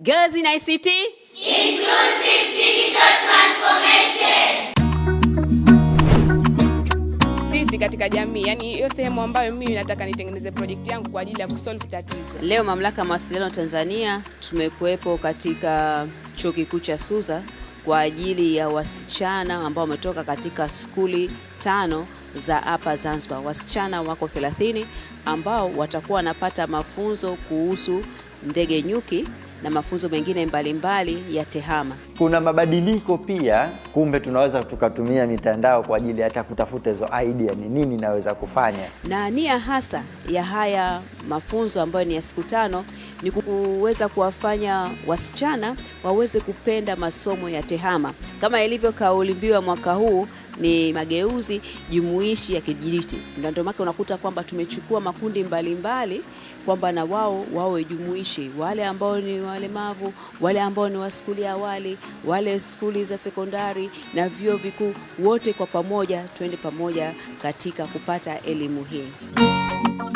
Girls in ICT Inclusive Digital Transformation. Sisi katika jamii, yani hiyo sehemu ambayo mimi nataka nitengeneze project yangu kwa ajili ya kusolve tatizo. Leo Mamlaka ya Mawasiliano Tanzania tumekuwepo katika Chuo Kikuu cha Suza kwa ajili ya wasichana ambao wametoka katika skuli tano za hapa Zanzibar. Wasichana wako 30 ambao watakuwa wanapata mafunzo kuhusu ndege nyuki na mafunzo mengine mbalimbali mbali ya TEHAMA. Kuna mabadiliko pia, kumbe tunaweza tukatumia mitandao kwa ajili hata kutafuta hizo idea, ni nini naweza kufanya. Na nia hasa ya haya mafunzo ambayo ni ya siku tano ni kuweza kuwafanya wasichana waweze kupenda masomo ya TEHAMA kama ilivyo kauli mbiu ya mwaka huu ni mageuzi jumuishi ya kidijiti, na ndio maana unakuta kwamba tumechukua makundi mbalimbali mbali, kwamba na wao wawe jumuishi, wale ambao ni walemavu, wale ambao ni wa skuli ya awali, wale skuli za sekondari na vyuo vikuu, wote kwa pamoja tuende pamoja katika kupata elimu hii.